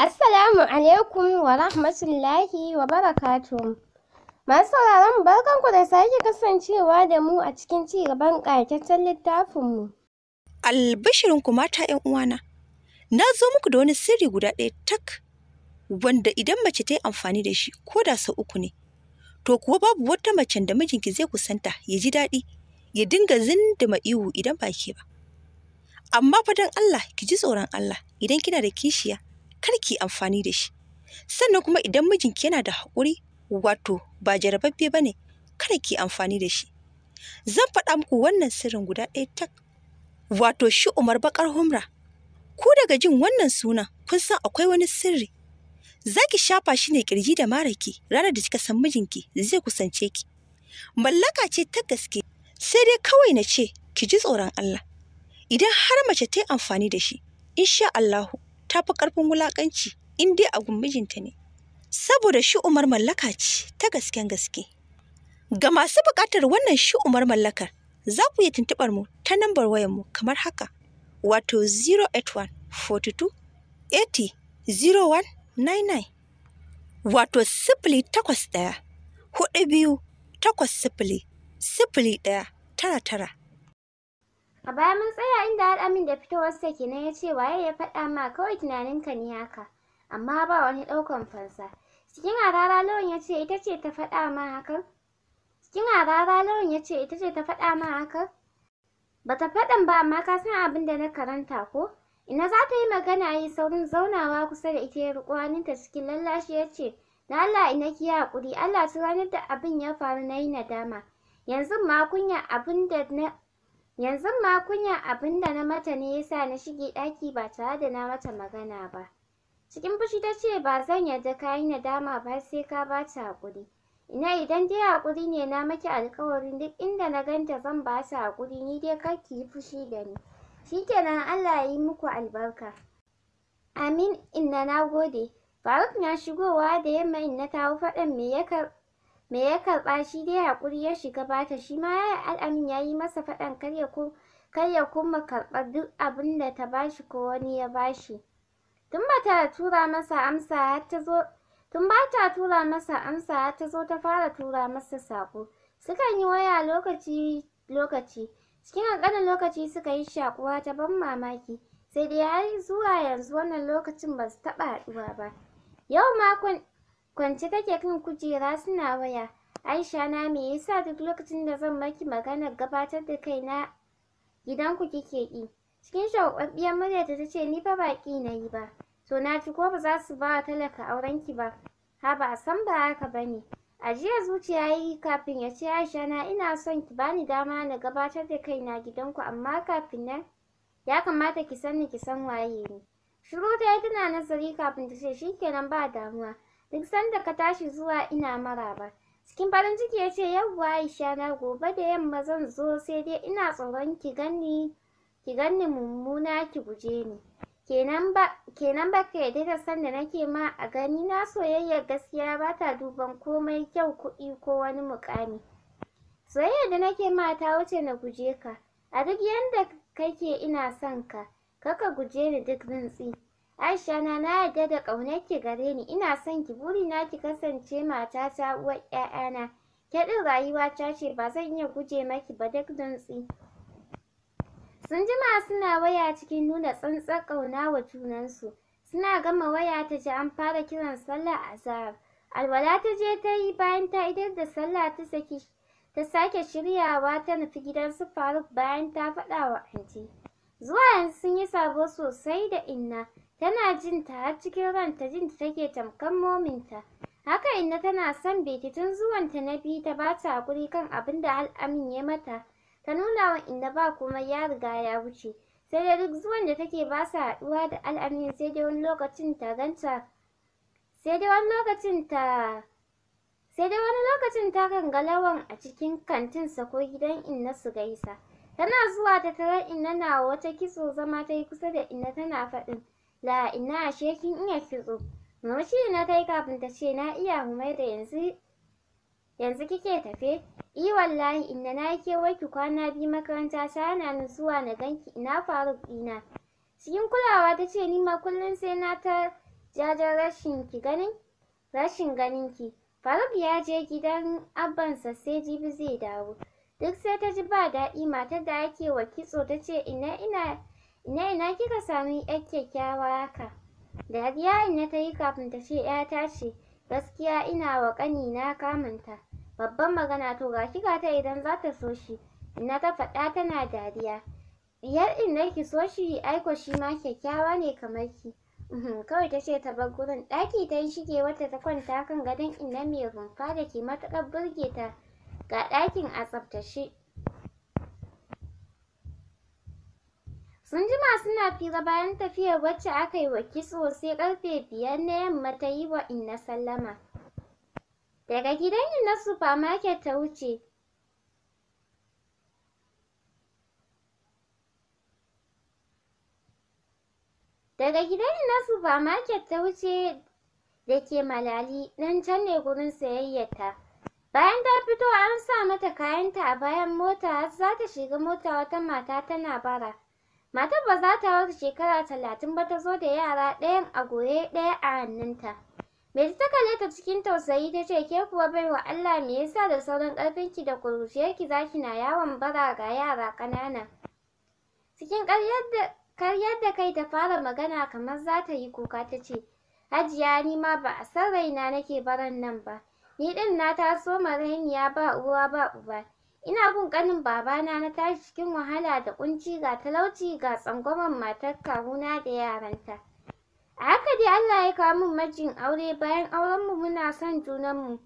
Assalamu alaikum wa rahmatullahi wa barakatuh. Masu sauraron barkanku da sake kasancewa da mu a cikin ci gaban ƙayataccen littafinmu. Albishirinku mata ‘yan uwana, na zo muku da wani sirri guda ɗaya tak, wanda idan mace ta yi amfani da shi ko da sau uku ne, to kuwa babu wata mace da mijinki zai kusanta ya ji daɗi, ya dinga zindima ihu idan ba ke ba. Amma fa don Allah ki ji tsoron Allah idan kina da kishiya kar ki amfani da shi sannan kuma idan mijinki yana da haƙuri wato ba jarababbe ba ne kar ki amfani da shi zan faɗa muku wannan sirrin guda ɗaya tak wato shi umar bakar humra ku daga jin wannan suna kun san akwai wani sirri za ki shafa shi ne kirji da maraki ranar da kika san mijinki zai kusance ki mallaka ce ta gaske sai dai kawai na ce ki ji tsoron Allah idan har mace ta yi amfani da shi insha Allahu ta fi ƙarfin wulaƙanci in dai a mijinta ne. Saboda shi umar mallaka ce ta gasken gaske. Ga masu buƙatar wannan shi umar mallakar, za ku iya tuntuɓar mu ta nambar wayar mu kamar haka, wato 081 42 80 wato sifili takwas ɗaya, huɗu biyu takwas sifili, sifili ɗaya tara tara. A baya mun tsaya inda har amin da fitowarsa kenan ya ce waye ya faɗa ma kawai tunaninka ne haka. Amma ba wani ɗaukan fansa. Cikin harara lawan ya ce ita ce ta faɗa ma hakan. Cikin lawan ya ce ita ce ta faɗa ma Ba Bata faɗan ba amma ka san abin da na karanta ko? Ina za ta yi magana yi saurin zaunawa kusa da ita ya riƙo hannunta cikin lallashi ya ce, Na Allah ina ki haƙuri, Allah ta ranar da abin ya faru na yi nadama. Yanzu ma kunya abin da na Yanzu ma kunya abin da na mata ne yasa na shige ɗaki ba tare da na mata magana ba. Cikin fushi ta ce ba zan yarda ka yi nadama ba sai ka ba ta haƙuri. Ina idan dai haƙuri ne na maki alƙawarin duk inda na ganta zan ba ta haƙuri ni dai kar ki yi fushi da ni. Shikenan Allah ya yi muku albarka. Amin inna na gode. Faruk na shigowa da yamma in na kawo faɗan me ya me ya karɓa shi dai haƙuri ya shiga bata shi ma al'amin ya yi masa faɗan kar ya kuma karɓar duk abin da ta bashi ko wani ya bashi tun ba ta tura masa amsa har ta zo tun bata tura masa amsa har ta zo ta fara tura masa saƙo sukan yi waya lokaci lokaci cikin ƙanƙanin lokaci suka yi shakuwa ta ban mamaki sai dai har zuwa yanzu wannan lokacin ba su taɓa haɗuwa ba yau makon Kwance take kan kujera suna waya. Aisha na me yasa duk lokacin da zan maki magana gabatar da kaina gidanku kike ki? Cikin shagwabbiyar muryarta ta ce ni fa baki na yi ba. To na ci ko ba za su ba wa talaka aurenki ba. Ha ba a san ba haka ba ne. Ajiya zuciya ya yi kafin ya ce Aisha na ina son ki bani dama na gabatar da kai kaina gidanku amma kafin nan ya kamata ki san ni ki san waye ni. Shiru ta yi tana nazari kafin ta ce shikenan ba damuwa. duk sanda ka tashi zuwa ina maraba cikin farin ciki ya ce yawwa aisha na gobe da yamma zan zo sai dai ina tsoron ki ganni mummuna ki guje ni kenan ba kenan ba ka yadda da sanda nake ma a gani na soyayyar gaskiya ba ta duban komai kyau kuɗi ko wani mukami. soyayyar da nake ma ta wuce na guje ka a duk yanda kake ina son ka kaka guje ni duk rintsi Aisha na na yarda da ƙaunar ki gare ni ina son ki buri na ki kasance matata uwar ƴaƴana ke rayuwa ta ce ba zan iya guje maki ba duk dantsi. Sun jima suna waya cikin nuna tsantsar ƙauna wa junansu suna gama waya ta ji an fara kiran sallah azhar alwala ta je ta yi bayan ta idar da sallah ta saki ta sake shiryawa ta nufi gidan su Faruk bayan ta faɗa wa anti. Zuwa yanzu sun yi sabo sosai da inna tana jin ta har cikin ranta jin ta take tamkan mominta haka inna tana son beti tun zuwanta na biyu ta ba ta hakuri kan abin da al'amin ya mata ta nuna wa inna ba kuma ya riga ya wuce sai da duk zuwan da take ba sa haɗuwa da al'amin sai dai wani lokacin ta ganta sai dai wani lokacin ta sai dai wani lokacin ta kan lawan a cikin kantinsa ko gidan inna su gaisa tana zuwa ta tarar inna na wata kitso zama ta yi kusa da inna tana faɗin La ina ashe kin iya kitso. Murmushi na kai kafin ta ce na iya da yanzu yanzu kike tafe? I wallahi inna na kewar ki kwana biyu makaranta ta na ni zuwa na ganki ina faruk ɗina. Cikin kulawa ta ce ni ma kullum sai na ta jajen rashin ki ganin rashin ganin ki. Faruk ya je gidan abbansa sai jibi zai dawo. Duk sai ta ji ba daɗi matar da ake wa kitso ta ce ina ina Ina ina kika sami ƴar kyakkyawa haka? Dariya Inna ta yi kafin ta ce ‘yata ce, gaskiya ina wa ƙanina kamunta. Babban magana to ga kika ta idan za ta so shi. Ina ta faɗa tana dariya. Yar Inna ki so shi aiko shi ma kyakkyawa ne kamar ki. Uhm, kawai ta ce ta bar gurin ɗaki ta yi shige wata ta kwanta kan gadon ina mai rumfa da ke matuƙar burge ta. Ga ɗakin a tsaftace. Sun jima suna fira bayan tafiyar wacce aka yi wa kitso sai karfe biyar na yamma ta yi wa Inna sallama. Daga gidan Inna supermarket ta wuce. Daga gidan Inna supermarket ta wuce da ke Malali nan can ne gurin sayayyarta. Bayan ta fito an sa mata kayanta a bayan mota har za ta shiga mota wata mata tana bara. Matar ba za ta wuce shekara talatin ba ta zo da yara ɗayan a goye ɗaya a hannunta. Mai ta kalle ta cikin tausayi ta ce ke kuwa baiwa Allah me yasa da sauran ƙarfinki da kuruciyarki za na yawon bara ga yara ƙanana. Cikin karyar da kai ta fara magana kamar za ta yi kuka ta ce Hajiya ni ma ba a san raina nake baran nan ba. Ni ɗin na taso marainiya ba uwa ba uba. Ina gun ƙanin babana na tashi cikin wahala da ƙunci ga talauci ga tsangwamar matar kawuna da yaranta. A haka dai Allah ya kawo min majin aure bayan aurenmu muna son junanmu.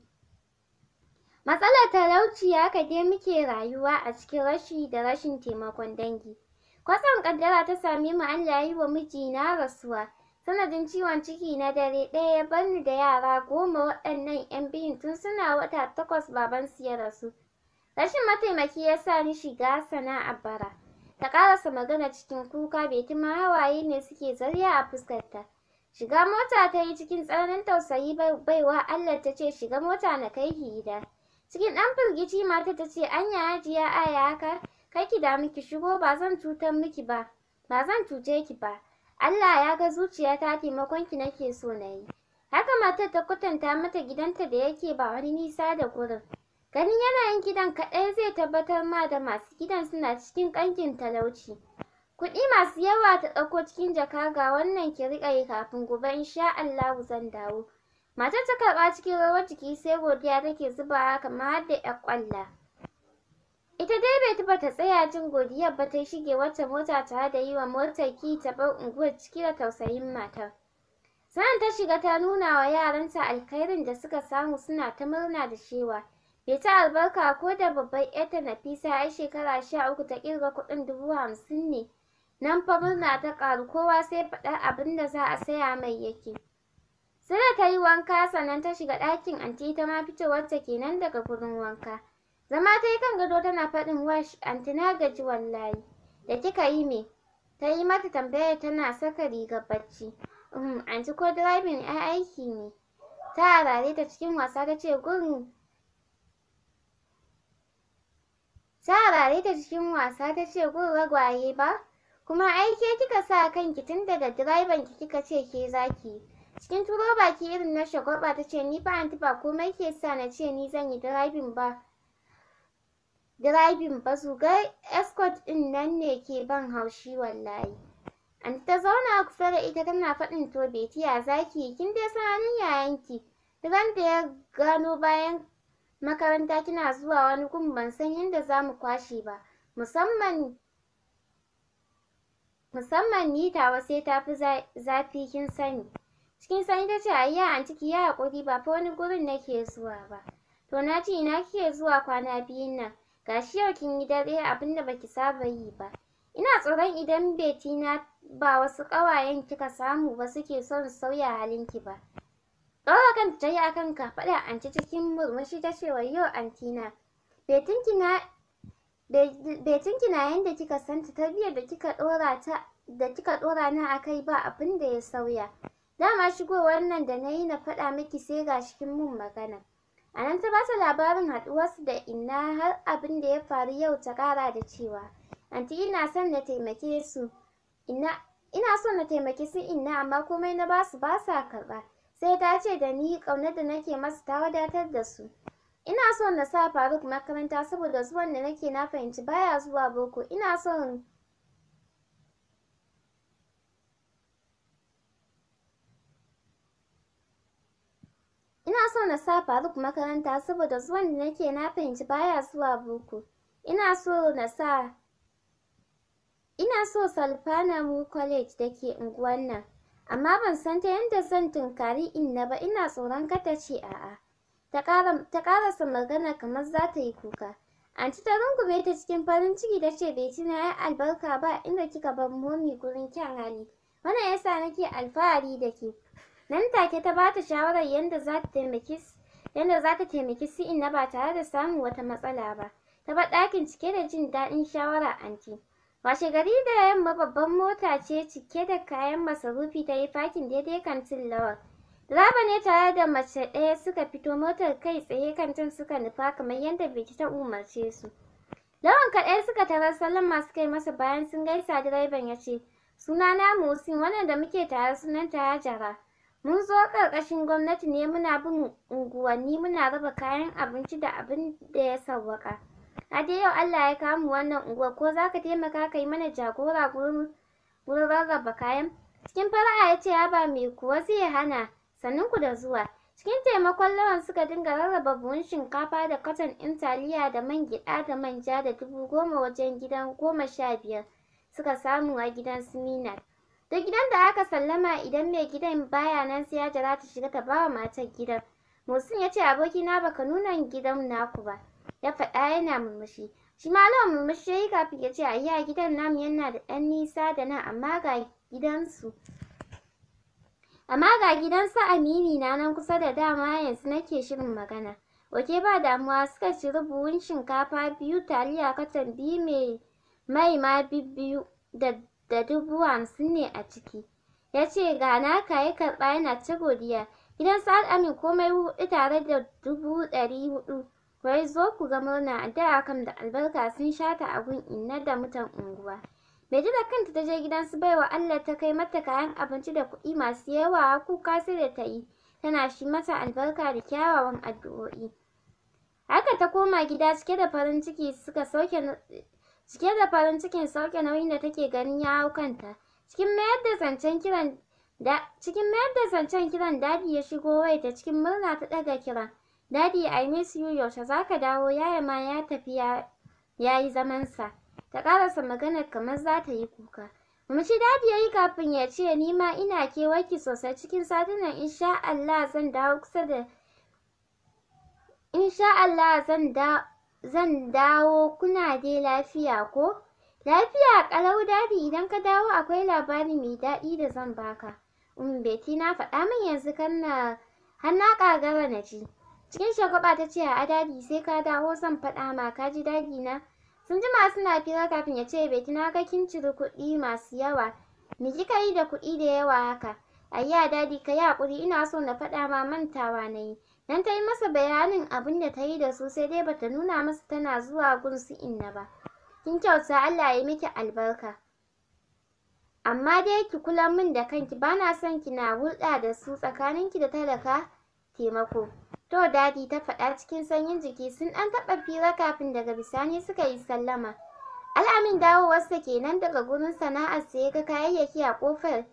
Matsalar talauci haka dai muke rayuwa a cikin rashi da rashin taimakon dangi. Kwatsam ƙaddara ta same mu Allah ya yi wa mijina rasuwa. Sanadin ciwon ciki na dare ɗaya ya bar ni da yara goma waɗannan 'yan biyun tun suna wata takwas babansu ya rasu. Rashin mataimaki ya sa ni shiga sana'a bara. Ta ƙarasa magana cikin kuka ma hawaye ne suke zarya a fuskarta. Shiga mota ta yi cikin tsananin tausayi baiwa Allah ta ce shiga mota na kai gida. Cikin ɗan firgici mata ta ce anya hajiya aya haka kai ki da miki shigo ba zan cuta miki ba ba zan cuce ki ba. Allah ya ga zuciyata taimakon ki nake so na yi. Haka matar ta kwatanta mata gidanta da yake ba wani nisa da gurin. Ganin yanayin gidan kaɗai zai tabbatar ma da masu gidan suna cikin ƙangin talauci. Kuɗi masu yawa ta ɗauko cikin jaka ga wannan ki riƙa yi kafin gobe in sha Allahu zan dawo. mata ta karɓa cikin rawar jiki sai godiya take zubawa kamar har da ƴar ƙwalla. Ita dai bai taɓa ta tsaya jin godiyar ba ta shige wata mota ta da yi wa motar ki ta bar unguwar ciki da tausayin matar. Sannan ta shiga ta nuna wa yaranta alkhairin da suka samu suna ta murna da shewa. ya ta albarka ko da babban yarta Nafisa ai shekara sha uku ta kirga kuɗin dubu hamsin ne. Nan fa murna ta karu kowa sai faɗar abin da za a saya mai yake. Sule ta yi wanka sannan ta shiga ɗakin anti ta ma fitowarta kenan daga gurin wanka. Zama ta yi kan gado tana faɗin wash anti na gaji wallahi. Da kika yi me? Ta yi mata tambayar tana saka riga bacci. Um, anti ko driving ai aiki ne. Ta arare ta cikin wasa ta ce gurin Sarare ta cikin wasa ta ce kun ragwaye ba? Kuma ai ke kika sa kanki tun daga direban ki kika ce ke zaki. Cikin turo baki irin na shagwaba ta ce ni ba anti ba komai ke sa na ce ni zan yi direbin ba. Direbin ba su ga escort din nan ne ke ban haushi wallahi. Anti ta zauna kusa da ita tana faɗin to betiya zaki kin dai sanin yayanki. Ran da ya gano bayan makaranta kina zuwa wani gun ban san yadda za mu kwashe ba musamman musamman ni ta sai ta fi zafi kin sani cikin sani ta ce yi an ciki ya haƙuri ba fa wani gurin nake zuwa ba to na ce ina kike zuwa kwana biyun nan ga shi yau kin yi dare abin da baki saba yi ba ina tsoron idan beti na ba wasu ƙawayen kika samu ba suke son sauya halinki ba Ɗora kan ta yi akan kafaɗa anti cikin murmushi ta ce wayo anti na. Betin kina yadda kika santa tarbiyyar da kika ɗora ta da kika ɗora na a kai ba abin da ya sauya. Dama shigowar nan da na yi na faɗa miki sai ga cikin mun magana. A nan ta bata labarin haɗuwarsu da inna har abin da ya faru yau ta ƙara da cewa, Anti ina son na taimake su, ina, ina son na taimake su inna amma komai na basu ba sa karɓa. sai ta ce da ni ƙaunar da nake masa ta wadatar da su ina so na sa faruk makaranta saboda zuwan da nake na fahimci baya zuwa boko ina son Ina so na sa Faruk makaranta saboda zuwan da nake na fahimci baya zuwa boko. Ina so na sa Ina so Salfana mu college da ke unguwan nan. amma ban san ta yadda zan tunkari inna ba ina tsoron kata ce a'a ta karasa magana kamar za ta yi kuka anti ta rungume ta cikin farin ciki ta ce bai tuna ya albarka ba inda kika bar momi gurin kyan hali wannan yasa nake alfahari da ke nan take ta bata shawarar yadda za ta taimaki yadda za ta taimaki su inna ba tare da samun wata matsala ba ta ba ɗakin cike da jin daɗin shawara anti Washe gari da yamma babban mota ce cike da kayan masarufi ta yi fakin daidai kantin Lawal. Draba ne tare da mace ɗaya suka fito motar kai tsaye kantin suka nufa kamar yadda biki ta umarce su. Lawan kaɗai suka tarar salon masu kai masa bayan sun gaisa direban ya ce, Suna na Musin wannan da muke tare sunan ta jara. Mun zo ƙarƙashin gwamnati ne muna bin unguwanni muna raba kayan abinci da abin da ya sawwaƙa. A dai yau Allah ya kamu wannan unguwar ko za ka taimaka ka yi mana jagora gurin rarraba kayan? Cikin fara'a ya ce ba mai kuwa zai hana sannan ku da zuwa. Cikin taimakon lawan suka dinga rarraba buhun shinkafa da katon ɗin taliya da man gyaɗa da manja da dubu goma wajen gidan goma sha biyar suka samu a gidan siminar. Da gidan da aka sallama idan mai gidan baya nan sai ya jira ta shiga ta bawa matar gidan. Musin ya ce abokina baka nuna gidan naku ba. ya faɗa yana murmushi shi ma murmushi ya yi kafin ya ce a iya. gidan namu yana da ɗan nisa da nan amma ga gidansu amma ga gidansu amini na nan kusa da dama yanzu nake shirin magana Wake ba damuwa suka ci buhun shinkafa biyu taliya katon biyu mai mai ma biyu da da dubu hamsin ne a ciki. Ya ce ga naka ya karɓa yana ta godiya. Gidan Sa'ad Amin komai hudu tare da dubu ɗari huɗu. Wai zo ku ga murna a addu'a kam da albarka sun shata a gun inna da mutan unguwa. mai da kanta ta je gidan su baiwa Allah ta kai mata kayan abinci da kuɗi masu yawa kuka sai da ta yi. Tana shi mata albarka da kyawawan addu'o'i. Haka ta koma gida cike da farin ciki suka sauke cike da farin cikin sauke nauyin da take ganin ya hau kanta. Cikin mayar da zancen kiran da cikin mayar da zancen kiran dadi ya shigo ta cikin murna ta ɗaga kiran. Daddy I miss you yaushe zaka dawo yaya ma ya tafi ya yi zaman sa ta karasa magana kamar za ta yi kuka murmushi dadi yayi kafin ya ce ni ma ina kewarki sosai cikin satunan insha Allah zan dawo kusa da insha Allah zan da zan dawo kuna dai lafiya ko lafiya Ƙalau dadi idan ka dawo akwai labari mai daɗi da zan baka um na faɗa min yanzu kana har na na ji Cikin shagwaba ta ce a dadi sai ka dawo zan faɗa ma ka ji dadi na. Sun jima suna fira kafin ya ce bai na ka kin ciri kuɗi masu yawa. Me kika yi da kuɗi da yawa haka? Ayya dadi ka yi haƙuri ina so na faɗa ma mantawa na yi. Nan ta yi masa bayanin abin da ta yi da su sai dai bata nuna masa tana zuwa gun su inna ba. Kin kyauta Allah ya miki albarka. Amma dai ki kula min da kanki bana son kina hulɗa da su tsakaninki da talaka taimako. To dadi ta faɗa cikin sanyin jiki sun ɗan taɓa fira kafin daga bisani suka yi sallama. Al'amin dawowarsa kenan daga gurin sana'ar ya ga kayayyaki a ƙofar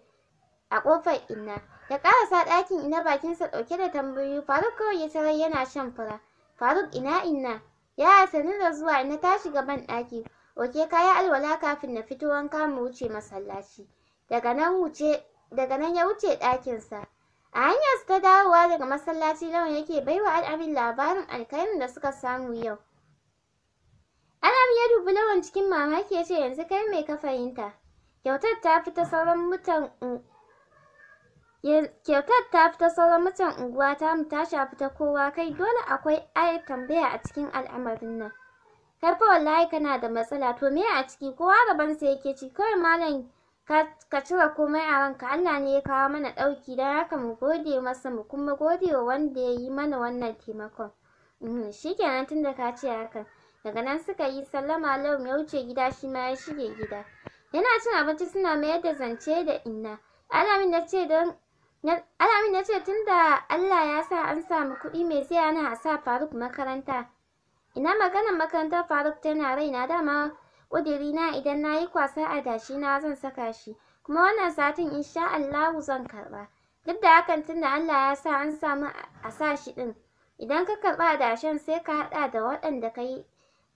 a ƙofar inna. Ya ƙarasa ɗakin ina bakinsa ɗauke da tambayoyi Faruk kawai ya tarar yana shan fura. Faruk ina inna? Ya sanin da zuwa ina ta shiga ban ɗaki. Oke kaya alwala kafin na fito wanka mu wuce masallaci. Daga nan wuce daga nan ya wuce ɗakinsa. a hanyar ta dawowa daga masallaci lawan yake baiwa al'amin labarin alkhairin da suka samu yau Ana ya dubi lawan cikin mamaki ya ce yanzu kai mai ka fahimta kyautar ta fi ta sauran mutan unguwa ta mu ta shafi ta kowa kai dole akwai ayar tambaya a cikin al'amarin nan kai fa wallahi kana da matsala to me a ciki kowa gaban sa yake ci kawai malam ka cire komai a ranka Allah ne ya kawo mana ɗauki don haka mu gode masa mu kuma gode wa wanda ya yi mana wannan taimakon mhm, shikenan da ka ce hakan daga nan suka yi sallama lau ya wuce gida shi ma ya shige gida yana cin abinci suna mayar da zance da inna alamin ya ce don alamin tunda Allah ya sa an samu kuɗi mai zai ana a sa Faruk makaranta ina maganar makarantar Faruk tana raina dama ƙudirina idan na yi kwasa dashi na zan saka shi kuma wannan satin insha Allahu zan karɓa duk da hakan tunda Allah ya sa an samu a sa shi ɗin idan ka karɓa dashen sai ka haɗa da waɗanda ka yi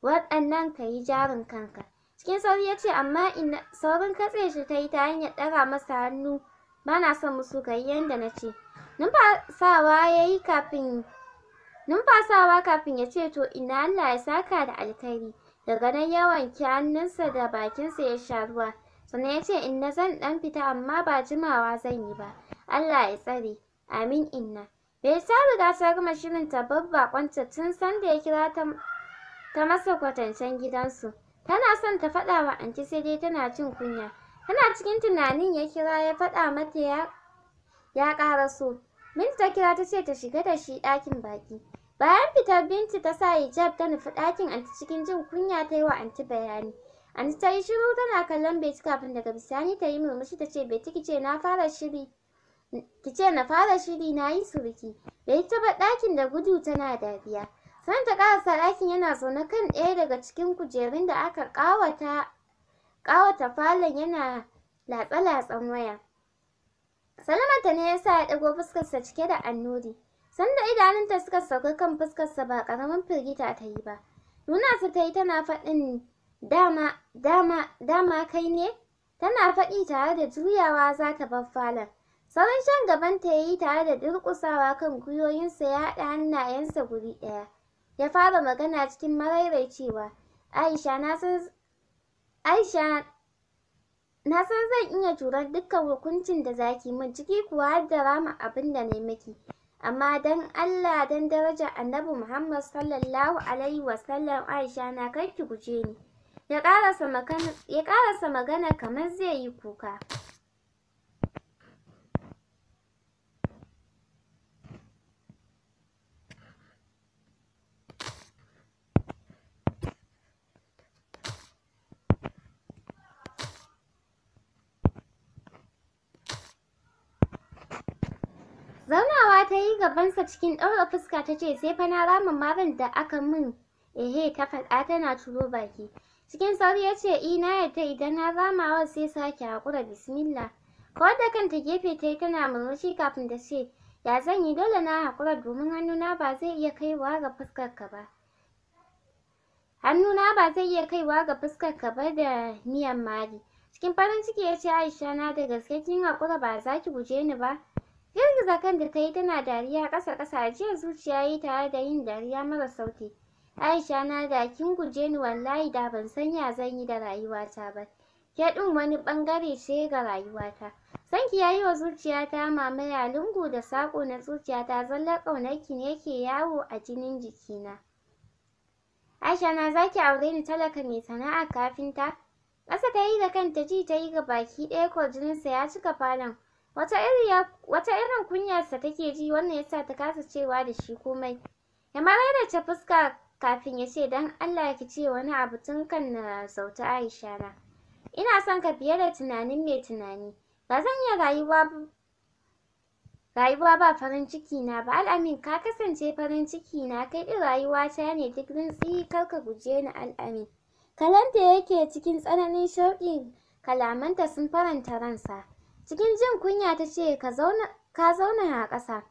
waɗannan ka yi jarin kanka cikin sauri ya ce amma ina saurin katse shi ta yi ta hanyar ɗaga masa hannu ba na son musu ka yi yadda na ce numfasawa ya yi kafin numfasawa kafin ya ce to ina Allah ya saka da alkhairi Daga nan ya wanke hannunsa da bakinsa ya sha ruwa. Sannan ya ce inna zan ɗan fita amma ba jimawa zan yi ba. Allah ya tsare. Amin inna. Bai ta riga ta gama shirin ta kwanta tun sanda ya kira ta ta masa kwatancen gidansu. Tana son ta faɗa wa anti sai dai tana jin kunya. Tana cikin tunanin ya kira ya faɗa mata ya ya ƙara so. ta kira ta ce ta shiga da shi ɗakin baki Bayan fitar Binti ta sa hijab ta nufi ɗakin anti cikin jin kunya ta yi wa anti bayani. Anti ta yi shiru tana kallon Beti kafin daga bisani ta yi murmushi ta ce "Bai ki ce na fara shiri. Ki ce na fara shiri na yi surki. Bai ta bar ɗakin da gudu tana dariya. Sannan ta ƙarasa ɗakin yana zaune kan ɗaya daga cikin kujerun da aka ƙawata ƙawata falon yana latsa-latsan waya. Salamata ne ya sa ya ɗago fuskarsa cike da annuri. Sanda idanunta suka sauka kan fuskarsa ba ƙaramin firgita ta yi ba. Nuna su ta yi tana faɗin dama, dama, dama kai ne? Tana faɗi tare da juyawa za ta bar falon. Sauran shan gaban ta yi tare da durƙusawa kan gwiwoyinsa ya haɗa hannayensa guri ɗaya. Ya fara magana cikin cewa Aisha na san Aisha na san zan iya jurar dukkan hukuncin da zaki min ciki kuwa har da rama abin da miki. amma dan Allah dan darajar Annabi Muhammad sallallahu alaihi wasallam Aisha na kar ki guje ni ya karasa magana kamar zai yi kuka Zaunawa ta yi gabansa cikin ɗaura fuska ta ce sai fa na rama marin da aka min ehe ta faɗa tana turo baki. Cikin sauri ya ce i na yarda idan na rama ramawa sai sake haƙura bismillah. Kawar da kanta gefe ta yi tana murmushi kafin ta ce ya zan yi dole na haƙura domin hannuna ba zai iya kaiwa ga ka ba. Hannuna ba zai iya kaiwa ga ka ba da niyan mari. Cikin farin ciki ya ce Aisha na da gaske kin haƙura ba za ki guje ni ba. Girgiza kan da ta yi tana dariya ƙasa ƙasa jiya zuciya yi tare da yin dariya mara sauti. Aisha na da kin guje ni wallahi da ban san ya zan yi da rayuwata ba. Ke ɗin wani ɓangare ce ga rayuwata. Sanki ya yi wa zuciyata mamaya lungu da saƙo na zuciyata zallar ƙaunarki ne ke yawo a jinin jikina. Aisha na za ki aure ni talaka mai sana'a kafinta? Ƙasa ta yi da kanta ji ta yi ga baki ɗaya ko jininsa ya cika falon. wata irin kunyarsa take ji wannan yasa ta kasa cewa da shi komai ya da ta fuska kafin ya ce dan Allah ki ce wani abu tun kan na sauta Aisha na ina son ka fiye da tunanin mai tunani ba zan iya rayuwa rayuwa ba farin ciki na ba al'amin ka kasance farin ciki na kai din rayuwa ta ne duk rintsi kar ka guje ni al'amin kalanta yake cikin tsananin shauƙin kalamanta sun faranta ransa Cikin jin kunya ta ce, Ka zauna a ƙasa.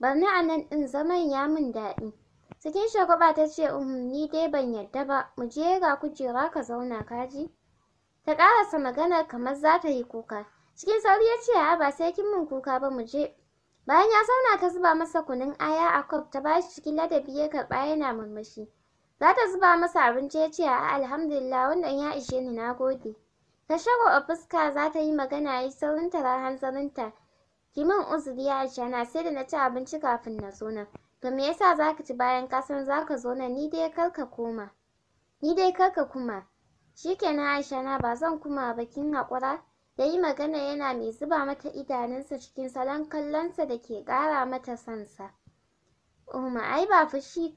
Barni a nan ɗin zaman ya min daɗi. Cikin shagwaba ta ce, uhm, ni dai ban yadda ba, mu je ga kujera ka zauna kaji. Ta ƙarasa maganar kamar za ta yi kuka. Cikin sauri ya ce, ba sai kin min kuka ba mu je. Bayan ya zauna ta zuba masa kunun aya a kwaf ta ba shi cikin ladabi ya karɓa yana murmushi. Za ta zuba masa abinci ya ce, a alhamdulillah wannan ya ishe ni na gode. Ta a fuska za ta yi magana ya yi saurin tara hanzarinta. Ki min uzuri ya Aishana sai da na ci abinci kafin na zo nan. To me yasa za ka ci bayan ka san za ka zo nan ni dai kar ka koma. Ni dai kar ka kuma. Aisha Aishana ba zan kuma ba kin haƙura. Ya yi magana yana mai zuba mata idanunsa cikin salon kallonsa da ke ƙara mata sansa. Uma ai ba fushi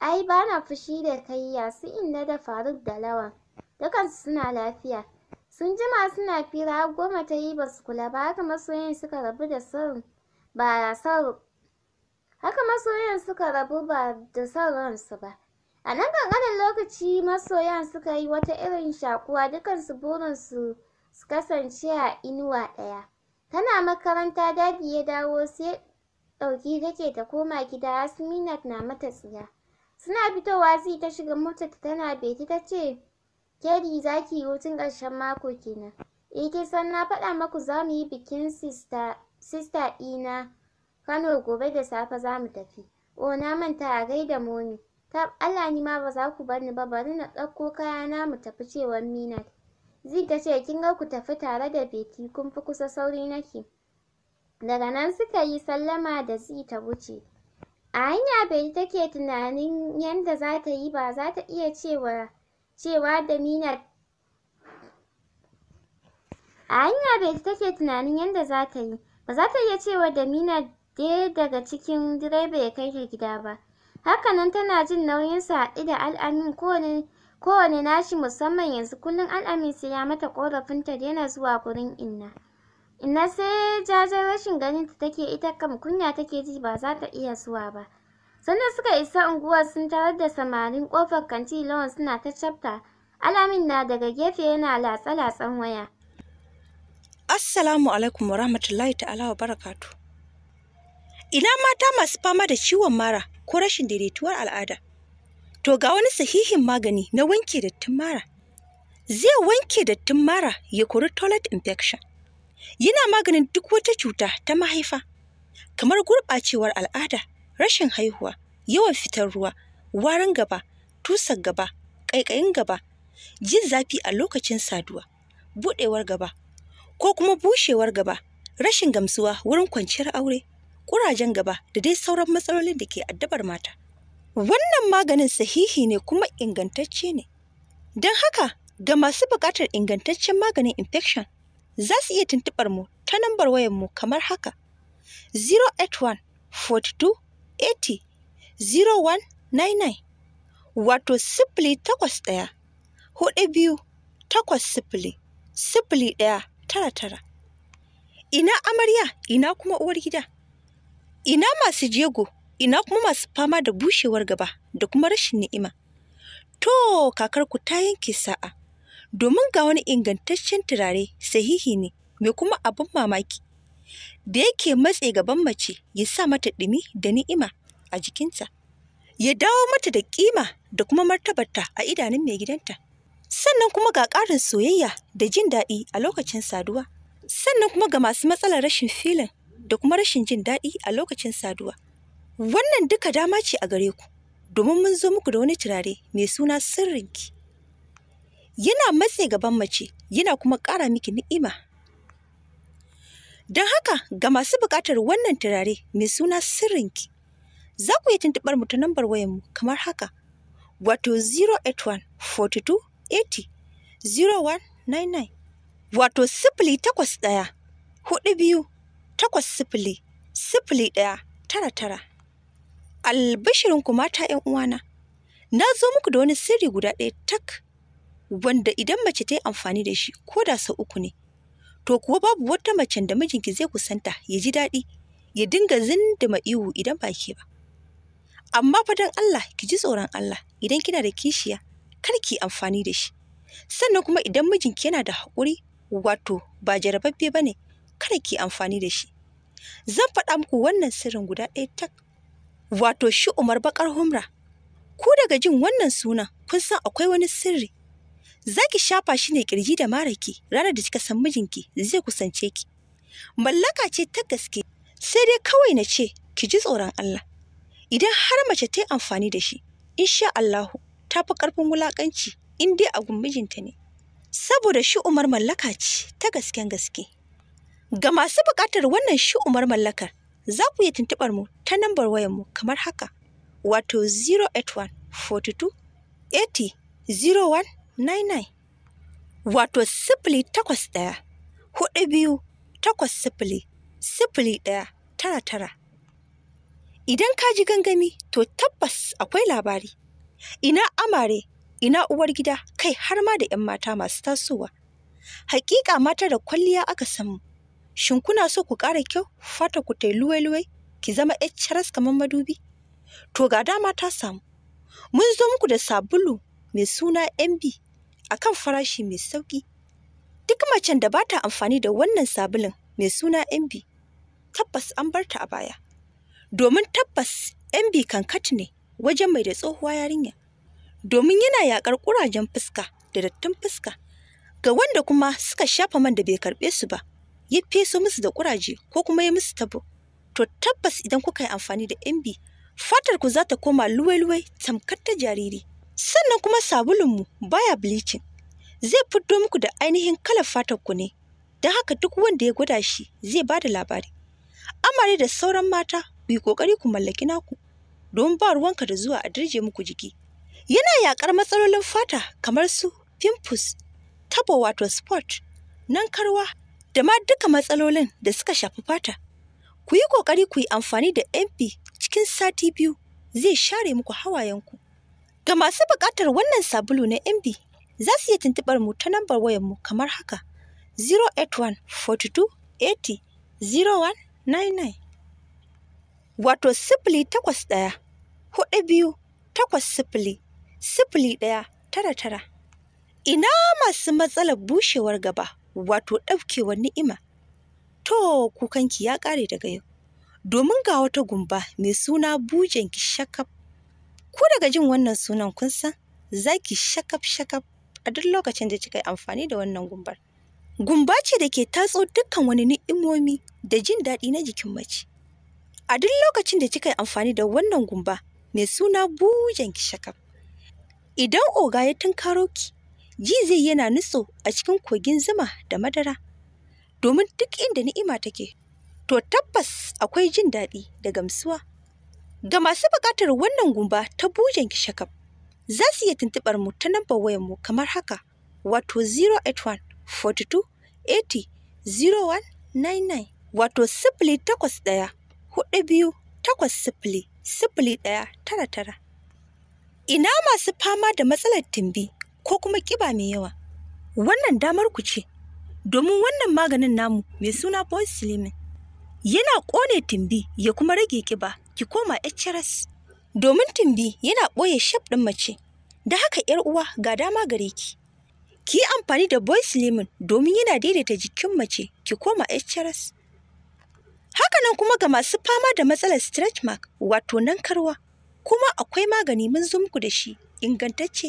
ai ba na fushi da kai ya su inda da Faruk da Lawan. dukansu suna lafiya sun jima suna fira goma ta yi basu kula ba haka masoyin suka rabu da ba haka masoyan suka rabu ba da sauransu ransu ba a nan kankanin lokaci masoyan suka yi wata irin shakuwa dukansu burinsu su kasance a inuwa ɗaya tana makaranta dadi ya dawo sai ɗauki take ta koma gida asminat na mata tsiya suna fitowa zai ta shiga mota tana beti ta ce Kedi za ki yi hutun ƙarshen mako kenan. E, kin san na faɗa maku za mu yi bikin sista ɗina Kano gobe da safe za mu tafi. O na manta a gaida muni. Ta Allah ni ma ba za ku bar ni ba bari na ɗauko na mu tafi cewar mina Zai ta ce kin ga ku tafi tare da Beti kun fi kusa sauri nake. Daga nan suka yi sallama da zai ta wuce. A hanya Beti take tunanin yadda za ta yi ba za ta iya cewa cewa da a hanya ita take tunanin yadda za ta yi ba za ta iya cewa da minar ɗaya daga cikin direba ya kai ta gida ba hakanan tana jin nauyinsa haɗu da al'amin kowane nashi musamman yanzu kullum al'amin sai ya mata ƙorafinta, ta daina zuwa gurin inna inna sai jajen rashin ganin ta take ita kam kunya take ji ba za ta iya zuwa ba Sannan suka isa unguwa sun tarar da samarin ƙofar kanti lawan suna ta cafta. Alamin na daga gefe yana latsa-latsan waya. Assalamu alaikum wa ta'ala wa barakatu. Ina mata masu fama da ciwon mara ko rashin daidaituwar al'ada. To ga wani sahihin magani na wanke dattin mara. Zai wanke dattin mara ya kori toilet infection. Yana maganin duk wata cuta ta mahaifa, kamar gurɓacewar al'ada, rashin haihuwa, yawan fitar ruwa, warin gaba, tusar gaba, ƙaiƙayin gaba, jin zafi a lokacin saduwa, buɗewar gaba, ko kuma bushewar gaba, rashin gamsuwa wurin kwanciyar aure, ƙurajen gaba da dai sauran matsalolin da ke addabar mata. Wannan maganin sahihi ne kuma ingantacce ne. Don haka, ga masu buƙatar ingantaccen maganin infection, za su iya tuntuɓar mu ta nambar wayar mu kamar haka: 081 42 80 0199 wato sifili takwas ɗaya hudu biyu takwas sifili sifili ɗaya tara tara ina amarya ina kuma uwar gida ina masu jego ina kuma masu fama da bushewar gaba da kuma rashin ni'ima to kakarku ta yanke sa'a domin ga wani ingantaccen turare sahihi ne mai kuma abin mamaki da yake matse gaban mace ya sa mata ɗumi da ni'ima a jikinta, ya dawo mata da ƙima da kuma martabarta a idanun mai gidanta. Sannan kuma ga ƙarin soyayya da jin daɗi a lokacin saduwa. Sannan kuma ga masu matsalar rashin filin da kuma rashin jin daɗi a lokacin saduwa. Wannan duka dama ce a gare ku, domin mun zo muku da wani turare mai suna sirrinki. Yana matse gaban mace, yana kuma ƙara miki ni'ima Don haka ga masu buƙatar wannan turare mai suna sirrinki, za ku iya tuntuɓar mu ta nambar wayanmu kamar haka, wato 081 42 80 0199 wato sifili takwas ɗaya hudu biyu takwas sifili sifili ɗaya tara tara. Albashirin ku mata ‘yan uwana, na zo muku da wani sirri guda ɗaya tak wanda idan mace ta yi amfani da shi ko da sau uku ne. to kuwa babu wata macen da mijinki zai kusanta ya ji daɗi ya dinga zinduma ihu idan ba ke ba amma fa Allah ki ji tsoron Allah idan kina da kishiya kar ki amfani da shi sannan kuma idan mijinki yana da haƙuri wato ba jarababbe ba ne kar ki amfani da shi zan faɗa muku wannan sirrin guda ɗaya tak wato shi umar bakar humra ku daga jin wannan sunan kun san akwai wani sirri zaki shafa shi ne kirji da maraki ranar da kika san mijinki zai kusance ki. Mallaka ce ta gaske, sai dai kawai na ce ki ji tsoron Allah. Idan har mace ta yi amfani da shi, insha Allahu ta fi karfin wulaƙanci in dai a mijinta ne. Saboda shi umar mallaka ce ta gasken gaske. Ga masu buƙatar wannan shi umar mallakar, za ku iya tuntuɓar mu ta nambar mu kamar haka, wato 081 42 80 01 99 wato sifili takwas ɗaya hudu biyu takwas sifili sifili ɗaya tara tara idan ka ji gangami to tabbas akwai labari ina amare ina uwar gida kai har ma da 'yan mata masu tasowa hakika mata da kwalliya aka samu shin kuna so ku ƙara kyau fata ku ta luwai-luwai ki zama HRS kamar madubi to ga dama ta samu mun zo muku da sabulu mai suna MB akan farashi mai sauƙi. Duk macen da ba ta amfani da wannan sabulun mai suna MB, tabbas an bar ta a baya. Domin tabbas MB kankat ne wajen mai da tsohuwa yarinya. Domin yana yaƙar ƙurajen fuska da dattin fuska. Ga wanda kuma suka shafa man da bai karɓe su ba, ya feso musu da ƙuraje ko kuma ya musu tabo. To tabbas idan kuka yi amfani da MB, fatar ku za ta koma luwai-luwai tamkar ta jariri. sannan kuma sabulunmu baya bleaching zai fito muku da ainihin kalar fatar ku ne don haka duk wanda ya gwada shi zai ba da labari amare da sauran mata ku yi ƙoƙari ku mallaki naku don ba ruwanka da zuwa a dirje muku jiki yana yaƙar matsalolin fata kamar su pimples tabo wato spot nankarwa da ma duka matsalolin da suka shafi fata ku yi ƙoƙari ku yi amfani da mp cikin sati biyu zai share muku hawayenku Ga masu buƙatar wannan sabulu na MB, za su iya tuntuɓar mu ta nambar wayarmu kamar haka: 081 42 80 0199 wato sifili takwas ɗaya hudu biyu takwas sifili sifili ɗaya tara tara ina masu matsalar bushewar gaba wato ɗaukewar ni'ima to kukanki ya ƙare daga yau domin ga wata gumba mai suna bujen ki shakaf Ko daga jin wannan sunan kun san za ki shakaf-shakaf a duk lokacin da kika yi amfani da wannan gumbar. Gumba ce da ke tatso dukkan wani ni'imomi da jin daɗi na jikin mace. A duk lokacin da kika yi amfani da wannan gumba mai suna bujen ki shakaf. Idan oga ya tunkaro ki, ji zai yana nutso a cikin kogin zuma da madara. Domin duk inda ni'ima take, to tabbas akwai jin daɗi da gamsuwa Ga masu buƙatar wannan gumba ta bujen kishakaf, za su iya tuntuɓar mu ta nambar wayar kamar haka, wato 081 42 80 0199 wato sifili takwas ɗaya hudu biyu takwas sifili sifili ɗaya tara tara. Ina masu fama da matsalar timbi ko kuma ƙiba mai yawa, wannan damar ku ce, domin wannan maganin namu mai suna Boy Slimin yana ƙone timbi ya kuma rage ƙiba ki koma HRS domin tumbi yana ɓoye shaf ɗin mace. Da haka ‘yar uwa ga dama gare ki. Ki yi amfani da boys lemon domin yana daidaita jikin mace ki koma HRS. Hakanan kuma ga masu fama da matsalar stretch mark wato nan karwa kuma akwai magani mun zumku muku da shi ingantacce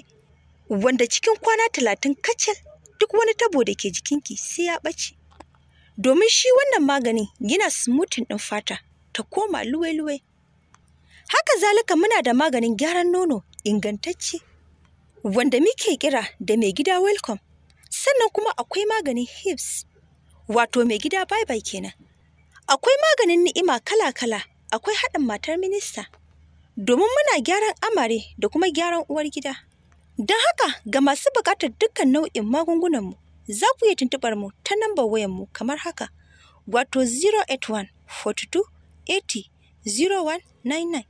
wanda cikin kwana talatin kacal duk wani tabo da ke jikinki sai ya ɓace. Domin shi wannan magani yana smoothing ɗin fata ta koma luwe-luwe Haka zalika muna da maganin gyaran nono ingantacce wanda muke kira da mai gida welcome. Sannan kuma akwai maganin hips wato mai gida bye bye kenan. Akwai maganin ni'ima kala-kala, akwai haɗin matar minista. Domin muna gyaran amare da kuma gyaran uwar gida. Don haka ga masu buƙatar dukkan nau'in magungunanmu za ku iya tuntuɓar mu ta nambar wayanmu kamar haka wato 081 42 80 0199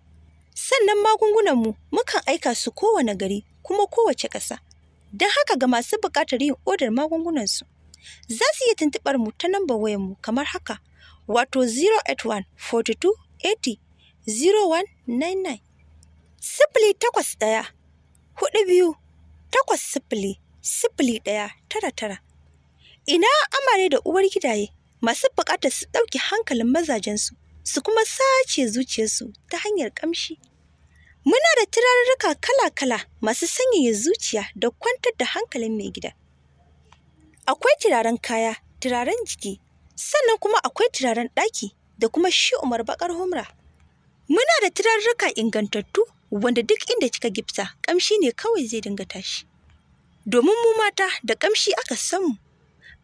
sannan magungunanmu mukan aika su kowane gari kuma kowace ƙasa don haka ga masu buƙatar yin odar magungunansu za su iya tuntuɓar mu ta nambar wayarmu kamar haka wato 081 42 80 0199 sifili takwas ɗaya hudu biyu takwas sifili sifili ɗaya tara tara ina amare da uwar gidaye masu buƙatar su ɗauki hankalin mazajensu su kuma sace zuciyarsu ta hanyar ƙamshi Muna da turarruka kala-kala masu sanyaya zuciya da kwantar da hankalin mai gida. Akwai turaren kaya, turaren jiki, sannan kuma akwai turaren ɗaki da kuma shi umar bakar humra. Muna da turarruka ingantattu wanda duk inda kika gipsa ƙamshi ne kawai zai dinga tashi. Domin mu mata da ƙamshi aka samu.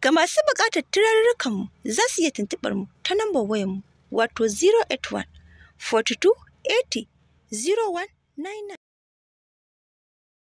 Ga masu buƙatar turarrukanmu za su iya tuntuɓar mu ta nambar wayarmu wato 081 42 80 01 Nine.